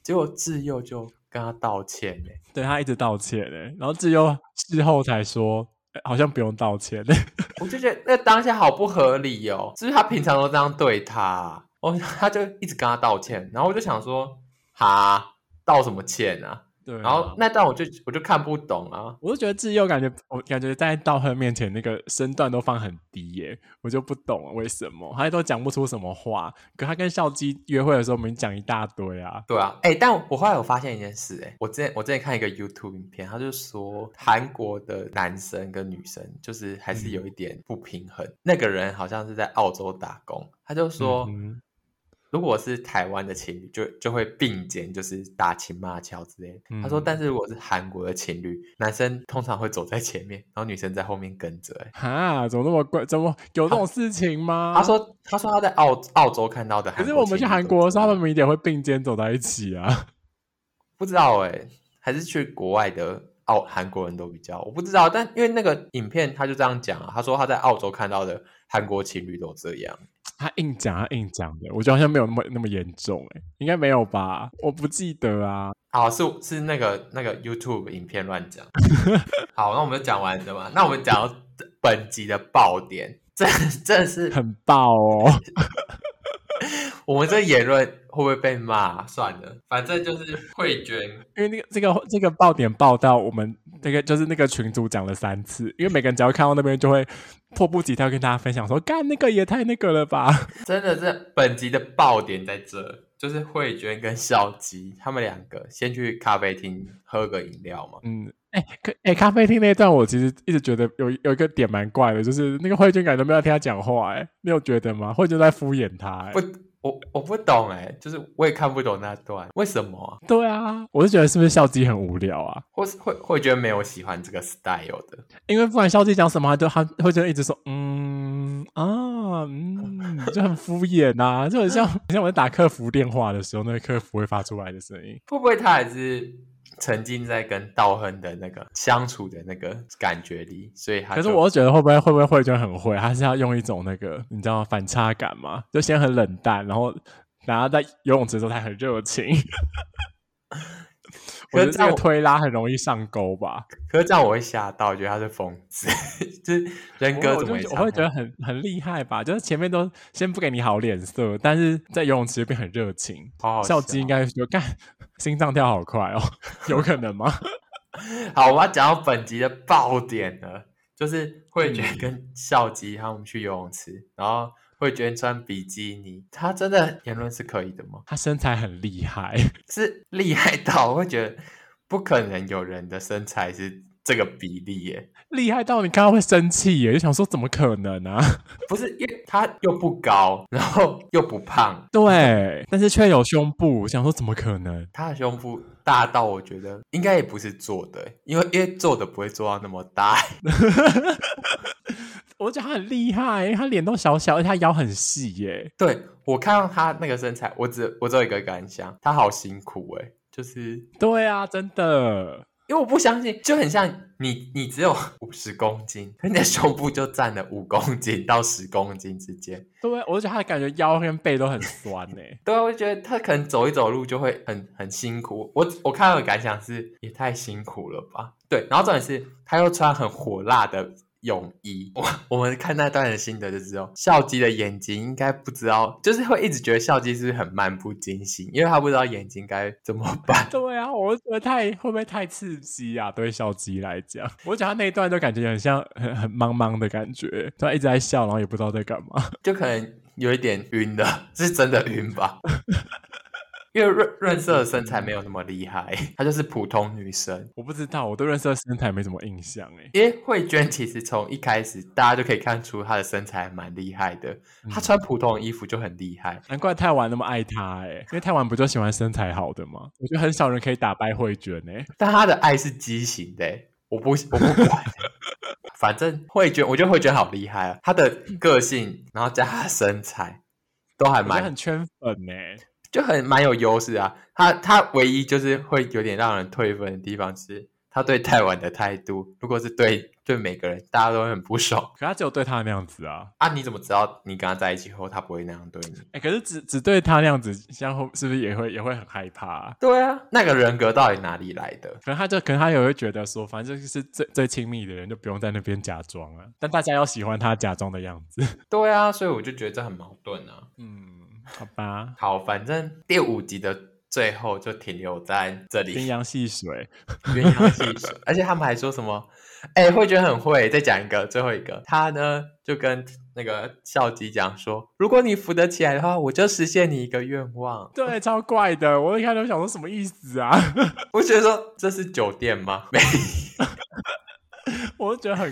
結果摯友就跟他道歉呢，對他一直道歉呢，然後摯友事後才說，好像不用道歉呢，我就覺得那當下好不合理哦，就是，是不是他平常都這樣對他啊，哦，他就一直跟他道歉，然後我就想說。啊，道什麼歉啊？對啊，然後那段我就我就看不懂啊，我就覺得自己又感覺我感覺在道赫面前那個身段都放很低耶、欸，我就不懂為什麼，他都講不出什麼話，可他跟孝基約會的時候，我們講一大堆啊。對啊，哎、欸，但我後來我發現一件事、欸，哎，我之前我之前看一個 YouTube 影片，他就說韓國的男生跟女生就是還是有一點不平衡。嗯、那個人好像是在澳洲打工，他就說。嗯嗯如果是台灣的情侶，就就會併肩，就是打情罵俏之類的、嗯。他說，但是如果是韓國的情侶，男生通常會走在前面，然後女生在後面跟着、欸。哈啊，怎麼那麼怪？怎麼有這種事情嗎他？他說，他說他在澳澳洲看到的韓國，可是我們去韓國的時候，他們很明顯會併肩走在一起啊。不知道哎、欸，還是去國外的澳韓國人都比較我不知道，但因為那個影片他就這樣講啊，他說他在澳洲看到的韓國情侶都這樣。他硬講，他硬講的，我覺得好像沒有那麼那麼嚴重，欸，哎，應該沒有吧？我不記得啊，好，是是那個那個 YouTube 影片亂講。 [LAUGHS] 好，那我們就講完對吧？那我們講本集的爆點，真的是很爆哦。 [LAUGHS] [LAUGHS] 我們這個言論會不會被罵、啊？算了，反正就是匯捐， [LAUGHS] 因為那個這個這個爆點爆到我們那、這個就是那個群組講了三次，因為每個人只要看到那邊就會迫不及待跟大家分享說，幹那個也太那個了吧，真的是本集的爆點在這。就是慧娟跟小吉他們兩個先去咖啡廳喝個飲料嘛。嗯，哎、欸，可哎、欸，咖啡廳那一段我其實一直覺得有有一個點蠻怪的，就是那個慧娟感覺都沒有聽他講話，哎，你有覺得嗎？慧娟在敷衍他誒。不。我我不懂哎、欸，就是我也看不懂那段，為什麼？對啊，我就覺得是不是笑姬很無聊啊？或是會會覺得沒有喜歡這個 style 的？因為不管笑姬講什麼、啊，都他會覺得一直說嗯啊嗯，就很敷衍吶、啊， [LAUGHS] 就很像很像我在打客服電話的時候，那個、客服會發出來的聲音。會不會他也是？沉浸在跟道亨的那個相處的那個感覺裡，所以他。可是我是覺得會不會會不會會就很會，他是要用一種那個你知道反差感嘛，就先很冷淡，然後然後在游泳池的時候才很熱情。 [LAUGHS] 可是這樣推拉很容易上鈎吧？可是這樣我會嚇到，我覺得他是瘋子， [LAUGHS] 就是人格怎麼樣我，我會覺得很很厲害吧？就是前面都先不給你好臉色，但是在游泳池變很熱情哦。笑校吉應該覺得，幹心臟跳好快哦，有可能嗎？ [LAUGHS] 好，我要講到本集的爆點了，就是惠女、嗯、跟校吉他們去游泳池，然後。會覺得穿比基尼，他真的言論是可以的嗎？他身材很厲害，是厲害到我會覺得不可能有人的身材是這個比例耶，厲害到你剛剛會生氣耶，就想說怎麼可能呢？不是，因為他又不高，然後又不胖，對，但是卻有胸部，我想說怎麼可能？他的胸部大到我覺得應該也不是做的，因為因為做的不會做到那麼大。 [LAUGHS] 我覺得他很厲害欸，因為他臉都小小，而且他腰很細耶。對，我看到他那個身材，我只我只有一個感想，他好辛苦欸，就是對啊，真的，因為我不相信，就很像你，你只有五十公斤，人家胸部就佔了五公斤到十公斤之間。對，我覺得他感覺腰跟背都很痠欸， [LAUGHS] 對，我覺得他可能走一走路就會很很辛苦。我我看到我的感想是也太辛苦了吧？對，然後重點是他又穿很火辣的。泳衣，我我們看那段的心得就是哦，笑姬的眼睛應該不知道，就是會一直覺得笑姬是，是很漫不經心，因為他不知道眼睛該怎麼辦。對啊，我覺得太，會不會太刺激啊？對笑姬來講，我講他那一段就感覺很像很很茫茫的感覺，他一直在笑，然後也不知道在幹嘛，就可能有一點暈的，是真的暈吧。 [LAUGHS] 因為潤潤瑟的身材沒有那麼厲害，欸嗯，她就是普通女生。我不知道，我對潤瑟的身材沒什麼印象誒，欸。因為慧娟其實從一開始大家就可以看出她的身材蠻厲害的，嗯，她穿普通的衣服就很厲害，難怪泰晚那麼愛她誒，欸。因為泰晚不就喜歡身材好的嗎？我覺得很少人可以打敗慧娟誒，欸。但她的愛是畸形的，欸，我不我不管， [LAUGHS] 反正慧娟我覺得慧娟好厲害啊，她的個性然後加她的身材都還蠻圈粉誒，欸。就很蠻有優勢啊，他他唯一就是會有點讓人退分的地方是，他對台灣的態度，如果是對對每個人，大家都很不爽，可他只有對他那樣子啊，啊你怎麼知道你跟他在一起後，他不會那樣對你？哎、欸，可是只只對他那樣子，相互是不是也會也會很害怕、啊？對啊，那個人格到底哪裡來的？可能他就可能他也會覺得說，反正就是最最親密的人就不用在那邊假裝了、啊，但大家要喜歡他假裝的樣子。對啊，所以我就覺得這很矛盾啊。嗯。好吧，好，反正第五集的最後就停留在這裡。鴛鴦戲水，鴛鴦戲水， [LAUGHS] 而且他們還說什麼？哎、欸，會覺得很會。再講一個，最後一個，他呢就跟那個校級講說，如果你扶得起來的話，我就實現你一個願望。對，超怪的，我一開始想說什麼意思啊？ [LAUGHS] 我覺得說這是酒店嗎？沒。 [LAUGHS] [LAUGHS] 我就覺得很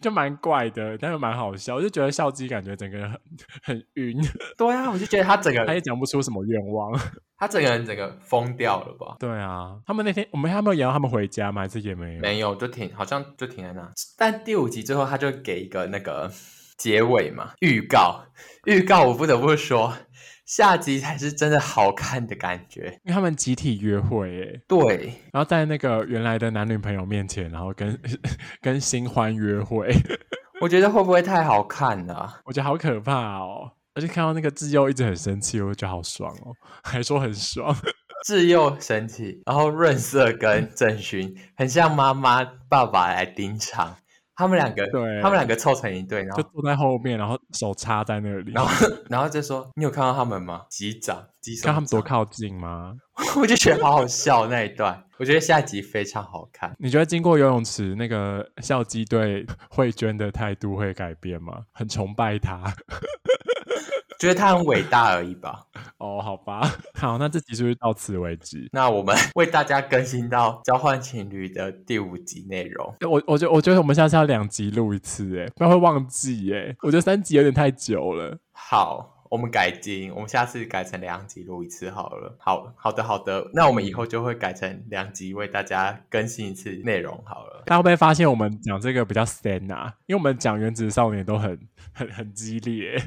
就蠻怪的，但是蠻好笑。我就覺得笑肌感覺整個人很很暈。對啊，我就覺得他整個 [LAUGHS] 他也講不出什麼願望，他整個人整個瘋掉了吧？ [LAUGHS] 對啊，他們那天我們還沒有演到他，他們回家嗎？還是也沒有？沒有就停，好像就停在那。但第五集之後，他就給一個那個結尾嘛，預告預告。告我不得不說。 [LAUGHS] 下集才是真的好看的感覺，因為他們集體約會，哎，對，然後在那個原來的男女朋友面前，然後跟 [LAUGHS] 跟新歡約會， [LAUGHS] 我覺得會不會太好看了、啊？我覺得好可怕哦、喔，而且看到那個自佑一直很生氣，我就覺得好爽哦、喔，還說很爽， [LAUGHS] 自佑生氣，然後潤瑟跟鄭勳很像媽媽爸爸來頂場。他們兩個，對，他們兩個湊成一對，然後就坐在後面，然後手插在那裡，然後然後就說：“你有看到他們嗎？擊掌，擊掌，看他們多靠近嗎？” [LAUGHS] 我就覺得好好笑，笑那一段，我覺得下一集非常好看。你覺得經過游泳池那個校雞隊慧娟的態度會改變嗎？很崇拜他。 [LAUGHS] 覺得他很偉大而已吧。 [LAUGHS] 哦，好吧，好，那這集是不是到此為止？那我們為大家更新到交換情侶的第五集內容。我，我覺，我覺得我們下次要兩集錄一次，誒，不然會忘記，誒。我覺得三集有點太久了。好。我們改進，我們下次改成兩集錄一次好了。好好的，好的，那我們以後就會改成兩集為大家更新一次內容好了。大家會不會發現我們講這個比較散啊？因為我們講《原子少年》都很很很激烈欸。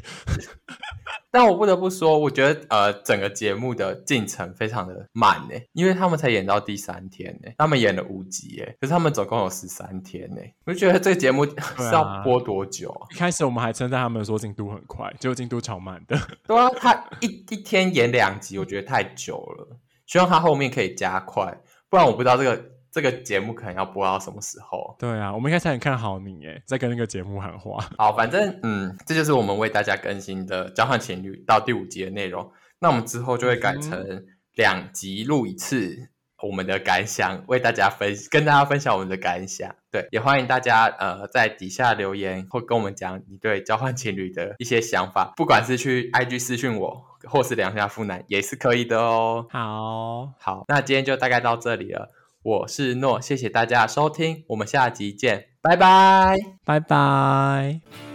[LAUGHS] 但我不得不說，我覺得呃，整個節目的進程非常的慢呢、欸，因為他們才演到第三天呢、欸，他們演了五集誒、欸，可是他們總共有十三天呢、欸，我就覺得這個節目是要播多久、啊啊？一開始我們還稱讚他們說，進度很快，結果進度超慢的。都要、對啊、他一一天演兩集，我覺得太久了，希望他後面可以加快，不然我不知道這個。這個節目可能要播到什麼時候？對啊，我們應該才能看好你誒，在跟那個節目喊話。好，反正嗯，這就是我們為大家更新的交換情侶到第五集的內容。那我們之後就會改成兩集錄一次我們的感想，為大家分跟大家分享我們的感想。對，也歡迎大家呃在底下留言或跟我們講你對交換情侶的一些想法，不管是去 IG 私訊我或是良家腹男也是可以的哦。好好，那今天就大概到這裡了。我是諾，謝謝大家收聽，我們下集見，拜拜，拜拜。